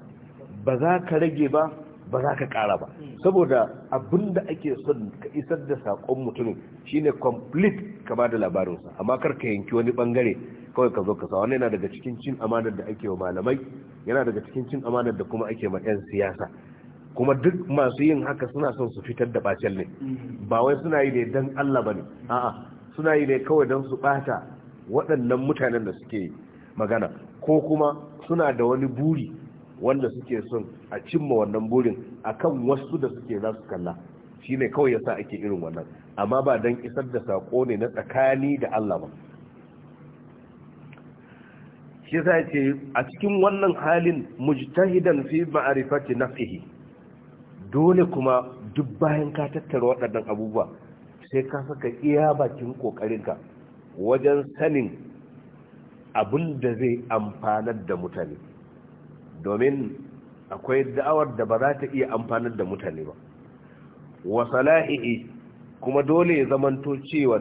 ba za ka rage ba ba za ka kara ba saboda abin da ake son ka isar da saƙon mutumin shine complete ka ba da labarinsa amma kar ka yanki wani bangare kawai ka zo ka sa wannan yana daga cikin cin amanar da ake wa malamai yana daga cikin cin amanar da kuma ake ma 'yan siyasa kuma duk masu yin haka suna son su fitar da bacin ne ba wai suna yi ne don Allah ba ne a'a suna yi ne kawai don su ɓata waɗannan mutanen da suke magana ko kuma suna da wani buri wanda suke son a cimma wannan burin a kan wasu da suke za su kalla shine kawai yasa ake irin wannan amma ba don isar da sako ne na tsakani da Allah ba shi yasa ce a cikin wannan halin mujtahidan fi ma'rifati nafsihi dole kuma duk bayan ka tattara waɗannan abubuwa sai ka saka iya bakin kokarinka wajen sanin abin da zai amfanar da mutane domin akwai da'awar da ba za ta iya amfanar da mutane ba wa salahihi kuma dole ya zamanto cewa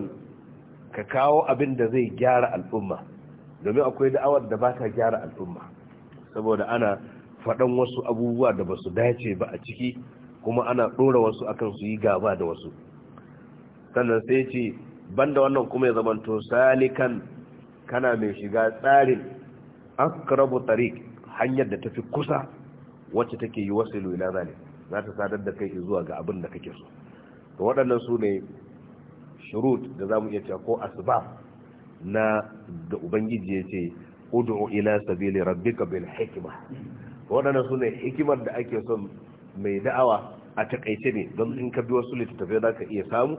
ka kawo abin da zai gyara al'umma domin akwai da'awar da ba ta gyara al'umma saboda ana faɗan wasu abubuwa da ba su dace ba a ciki kuma ana ɗora wasu akan su yi gaba da wasu sannan sai ce banda wannan kuma ya zamanto salikan kana mai shiga tsarin akrabu tariki hanyar da tafi kusa wacce take yi wasilu ila zalik za ta sadar da kai zuwa ga abin da kake so to waɗannan su ne shirut da za mu iya cewa ko asuba na da ubangiji ya ce ud'u ila sabili rabbika bil hikma waɗannan su ne hikimar da ake son mai da'awa a takaice ne don in ka bi wasu littattafai za ka iya samu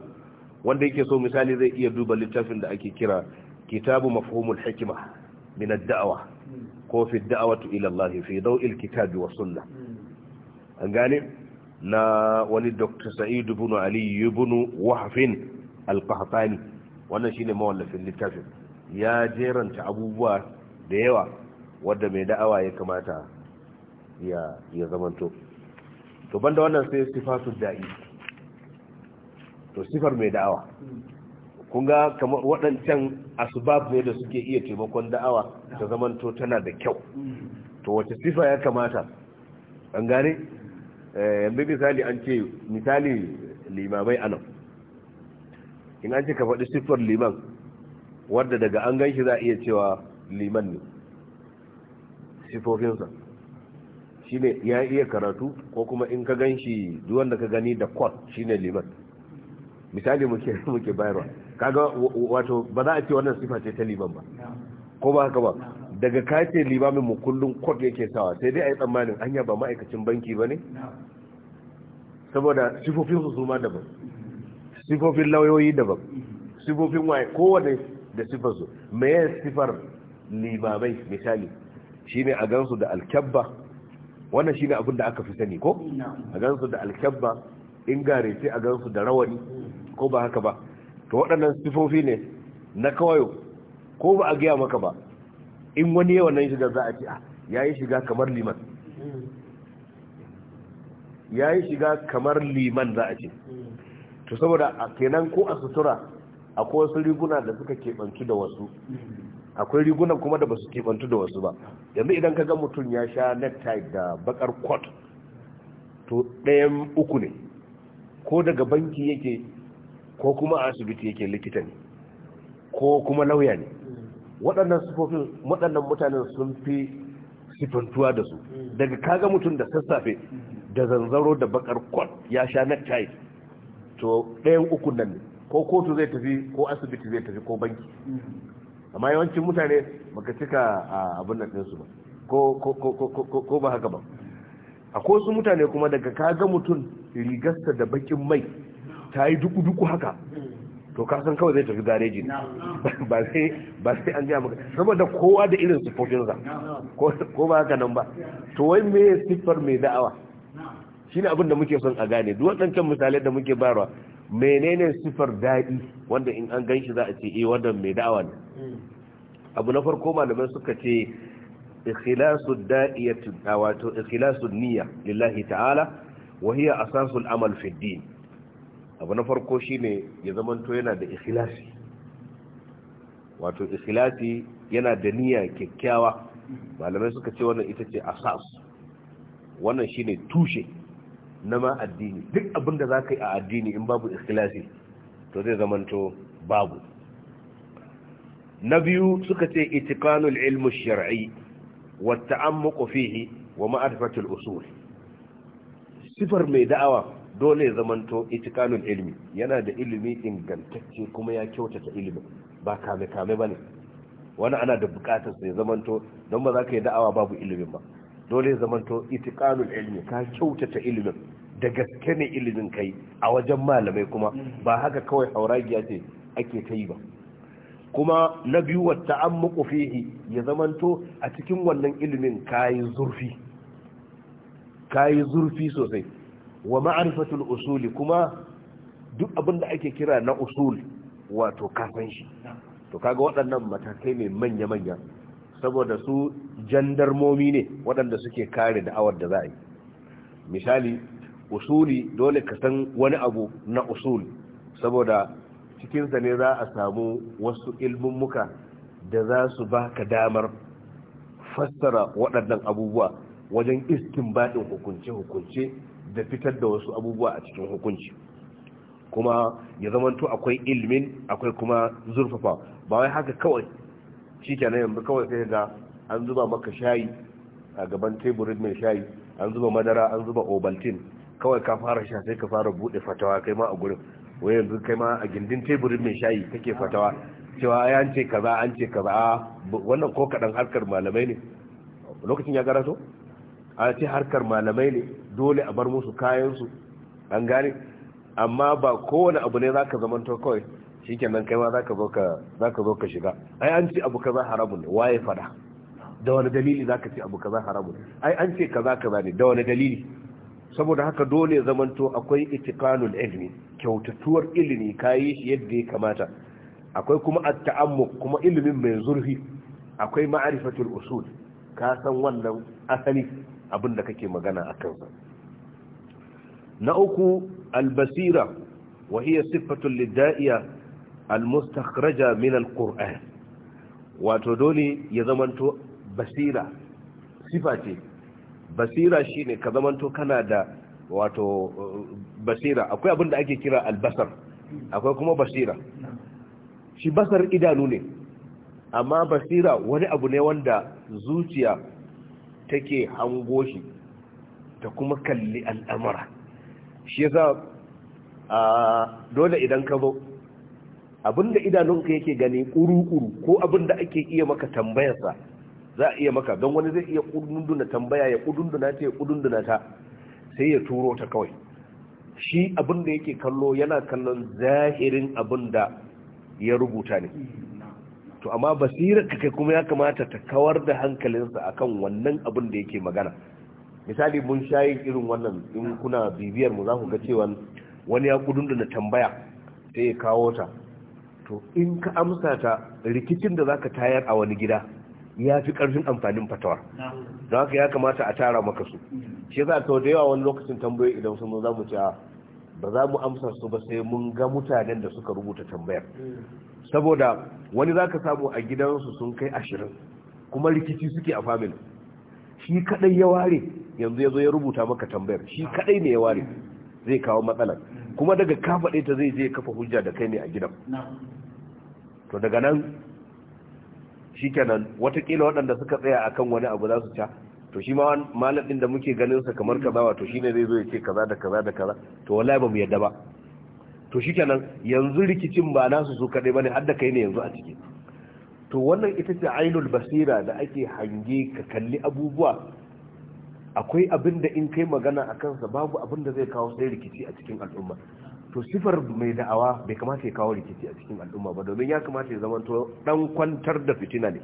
wanda yake so misali zai iya duba littafin da ake kira kitabu mafhumul hikima min ad-da'wa ko fi da'awatu ila Allah fi daw'il kitabi wa sunnah an gane na wani Dr. Sa'id ibn Ali ibn Wahf al-Qahtani wannan shine mawallafin littafin ya jeranta abubuwa da yawa wadda mai da'awa ya kamata ya ya zamanto to banda wannan sai sifatu da'i to sifar mai da'awa Kunga kamar waɗancan asbab ne da suke iya taimakon da'awa ta to tana da kyau to wace sifa ya kamata an gane eh, yanzu misali an ce misali limamai anan in an ce ka faɗi siffar liman wadda daga an gan shi za a iya cewa liman ne sifofinsa shi ne ya iya karatu ko kuma in ka gan shi duwanda ka gani da kwat shi ne liman misali muke bayarwa kaga wato ba za a ce wannan sifa ce ta liban ba ko ba haka ba daga kace Libamin mu kullun kod yake sawa sai dai a yi tsammanin anya ba ma'aikacin banki ba ne saboda sifofin su ma daban sifofin lauyoyi daban sifofin waye kowane da sifarsu meye sifar Libamai misali shine a gansu da alkyabba wannan shine abin da aka fi sani ko a gansu da alkyabba in gare sai a gansu da rawani ko ba haka ba to waɗannan sifofi ne na kawayo ko ba a gaya maka ba in wani yawan nan shiga za a ce ah, ya yi shiga kamar liman ya yi shiga kamar liman za a ce to saboda a kenan ko a sutura akwai wasu riguna da suka keɓantu da wasu akwai rigunan kuma da ba su keɓantu da wasu ba yanzu idan ka ga mutum ya sha necktie da bakar kwat to ɗayan uku ne ko daga banki yake ko kuma asibiti yake likita ne ko kuma lauya ne waɗannan sufofin waɗannan mutanen sun fi sifantuwa da su daga kaga mutum da sassafe da zanzaro da bakar kwat ya sha na necktie to ɗayan uku nan ne ko kotu zai tafi ko asibiti zai tafi ko banki amma yawancin mutane baka cika a abin da ɗinsu ba ko ba haka ba a su mutane kuma daga kaga mutum rigasta da bakin mai ta yi duku-duku haka to kasan kawai zai tafi gareji ba sai an gaya maka saboda kowa da irin siffofinsa ko ba haka nan ba to wai me siffar mai da'awa shi ne abin da muke son a gane duk waɗancan misalai da muke barwa menene siffar daɗi wanda in an gan shi za a ce eh wannan mai da'awa ne mm. abu na farko malaman suka ce ikhlasu da'iyatu wato ikhlasu niyya lillahi ta'ala wa hiya asasul amal fi din abu na farko shine ya zamanto yana da ikhlasi wato ikhlasi yana da niyya kyakkyawa malamai suka ce wannan ita ce asas wannan shine tushe na ma addini duk abin da zaka yi a addini in babu ikhlasi to zai zamanto babu na biyu suka ce itikanul ilmu shar'i wata an fihi wa ma'rifatul usul sifar mai da'awa dole zamanto itikanul ilimi, yana da ilimi ingantacce kuma ya kyautata ilimi ba kame kame bane wani ana da bukatar sai zamanto don ba za ka yi da'awa babu ilimin ba dole zamanto itikanul ilimi ka kyautata ilimin da gaske ne ilimin kai a wajen malamai kuma ba haka kawai hauragiya ce ake ta yi ba kuma na biyu wa ta'ammuqu fihi ya zamanto a cikin wannan ilimin kayi zurfi kayi zurfi sosai wa ma'arifatul usuli kuma duk abin da ake kira na usul wato kafin shi to kaga waɗannan matakai ne manya-manya saboda su jandarmomi ne waɗanda suke kare da da'awar da za a yi misali usuli dole ka san wani abu na usul saboda cikinsa ne za a samu wasu ilmummuka da za su baka damar fassara waɗannan abubuwa wajen iskin baɗin hukunce-hukunce da fitar da wasu abubuwa a cikin hukunci kuma ya zamanto akwai ilimin akwai kuma zurfafa ba wai haka kawai shi kenan yanzu kawai sai ga an zuba maka shayi a gaban teburin mai shayi an zuba madara an zuba obaltin kawai ka fara sha sai ka fara bude fatawa kai ma a gurin wai yanzu kai ma a gindin teburin mai shayi kake fatawa cewa ya an ce kaza an ce kaza wannan ko kadan harkar malamai ne lokacin ya gara a ce harkar malamai ne dole a bar musu kayansu an gane amma ba kowane abu ne za ka to kawai shi kenan kai ma za ka zo ka shiga ai an ce abu kaza haramun ne waye fada da wani dalili za ka ce abu kaza haramun ai an ce kaza kaza ne da wani dalili saboda haka dole to akwai itikanul ilmi kyautatuwar ilimi yi shi yadda ya kamata akwai kuma at-ta'ammuq kuma ilimin mai zurfi akwai ma'rifatul usul ka san wannan asali abin da kake magana a kansa na uku albasira wa hiya siffatun lidda'iya almustakhraja min alqur'an wato dole ya zamanto basira sifa ce basira shine ka zamanto kana da wato uh, basira akwai abin da ake kira albasar akwai kuma basira shi basar idanu ne amma basira wani abu ne wanda zuciya take hango shi ta kuma kalli al'amura shi ya dole idan ka zo abinda idanunka yake gani kuru-kuru ko abinda ake iya maka tambayarsa za a iya maka don wani zai iya kudunduna tambaya ya kudunduna ta ya kudunduna ta sai ya turo ta kawai shi abinda yake kallo yana kallon zahirin abinda ya rubuta ne to amma basirar ka kai kuma ya kamata ta kawar da hankalinsa a kan wannan abin da yake magana misali mun shayi irin wannan in kuna bibiyar mu za ku ga cewa wani ya kudin da tambaya sai ya kawo ta to in ka amsa ta rikicin da za ka tayar a wani gida ya fi karfin amfanin fatawar don haka ya kamata a tara maka su shi za sau da yawa wani lokacin tambayoyi idan sun za mu ci ba za mu amsa su ba sai mun ga mutanen da suka rubuta tambayar saboda wani za ka samu a gidansu sun kai ashirin kuma rikici suke a family shi kadai ya ware yanzu ya zo ya rubuta maka tambayar shi kadai ne ya ware zai kawo matsalar kuma daga kafaɗe ta zai je kafa hujja da kai ne a gidan to daga nan shi kenan watakila waɗanda suka tsaya a kan wani abu za su ca to shi ma malamin da muke ganin sa kamar kaza wato shine zai zo ya ce kaza da kaza da kaza to wallahi ba mu yadda ba to shi shikenan yanzu rikicin ba nasu su kadai bane har da kai ne yanzu a ciki to wannan ita ce ainul basira da ake hange ka kalli abubuwa akwai abin da in kai magana a kansa babu abin da zai kawo sai rikici a cikin al'umma to sifar mai da'awa bai kamata ya kawo rikici a cikin al'umma ba domin ya kamata ya zama to dan kwantar da fitina ne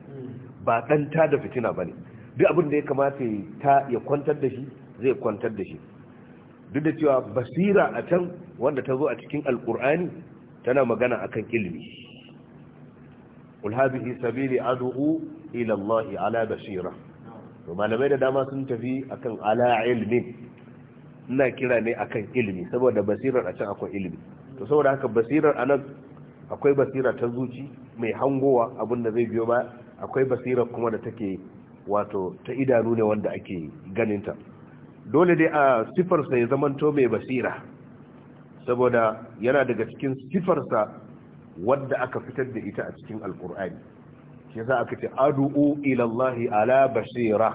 ba dan ta da fitina bane duk abin da ya kamata ta ya kwantar da shi zai kwantar da shi duk da cewa basira a can wanda ta zo a cikin alkur'ani tana magana a akan ilimi ulhabihi sabili adu'u ila Allah ala basira malamai da dama sun tafi a kan ala ilmi ina kira ne kan ilimi saboda basirar a can akwai ilimi to saboda haka basirar a nan akwai basira ta zuci mai hangowa abin da zai biyo ba akwai basirar kuma da take wato ta idanu ne wanda ake ganinta dole dai a sifarsa ya zamanto mai basira saboda yana daga cikin sifarsa wadda aka fitar da ita a cikin alkur'ani shi za aka ci adu'u ilallahi ala basira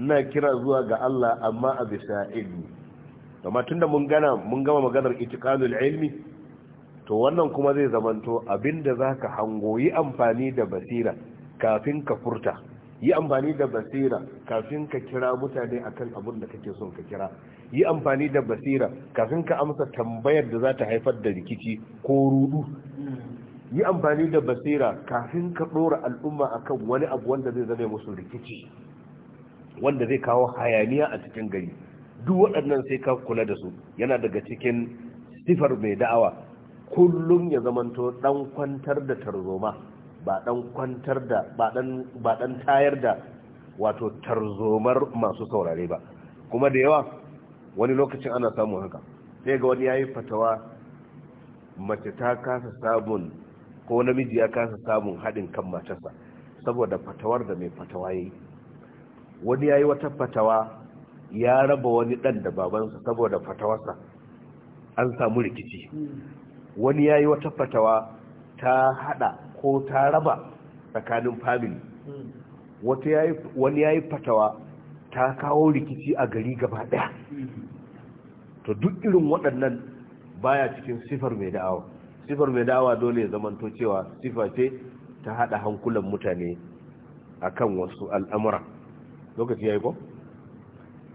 ina kira zuwa ga Allah amma a bisa ilmi amma tunda mun gana mun gama maganar itiqalul ilmi to wannan kuma zai zamanto abinda zaka hango yi amfani da basira kafin ka furta yi amfani da basira kafin ka kira mutane akan abin da kake son ka kira yi amfani da basira kafin ka amsa tambayar da za ta haifar da rikici ko rudu yi amfani da basira kafin ka ɗora al'umma akan wani abu wanda zai zame musu rikici wanda zai kawo hayaniya a cikin gari duk waɗannan sai ka kula da su yana daga cikin sifar mai da'awa kullum ya zamanto ɗan kwantar da tarzoma ba dan kwantar da ba dan tayar da wato tarzomar masu saurare ba kuma da yawa wani lokacin ana samun haka sai ga wani yayi fatawa mace ta kasa sabon ko namiji ya kasa samun haɗin kan matarsa saboda fatawar da mai fatawa yayi wani yayi wata fatawa ya raba wani dan da babansa saboda fatawarsa an samu rikici hmm. wani yayi wata fatawa ta haɗa. ko ta raba tsakanin family wani ya yi fatawa ta kawo rikici a gari gaba daya to duk irin waɗannan baya cikin sifar mai da'awa sifar mai da'awa dole ya zamanto cewa sifa ce ta haɗa hankulan mutane a kan wasu al'amura lokaci ya yi ko?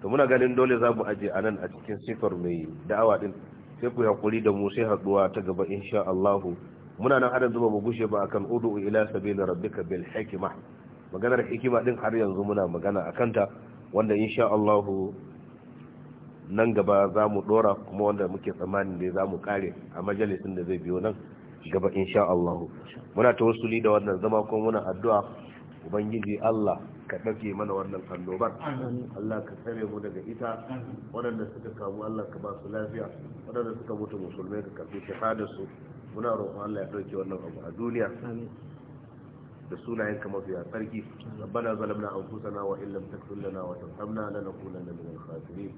to muna ganin dole za mu aje a nan a cikin sifar mai da'awa din sai ku haƙuri da mu sai haɗuwa ta gaba insha Allahu muna nan har yanzu ba mu gushe ba akan udu ila sabili rabbika bil hikma maganar hikima din har yanzu muna magana akan ta wanda insha Allah nan gaba za mu dora kuma wanda muke tsammanin da za mu kare a majalisin da zai biyo nan gaba insha Allah muna tawassuli da wannan zama kuma muna addu'a ubangiji Allah ka ɗauke mana wannan annobar Allah ka tsare mu daga ita waɗanda suka kamu Allah ka ba su lafiya waɗanda suka mutu musulmai ka karɓi da su muna roƙon Allah ya ɗauke wannan abu a duniya da sunayen ka mafiya tsarki rabbana zalamna anfusana wa illam taghfir lana wa tarhamna lanakunanna minal khasirin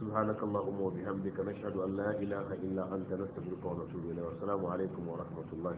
سبحانك اللهم وبحمدك نشهد أن لا نستغفرك ونتوب والسلام عليكم الله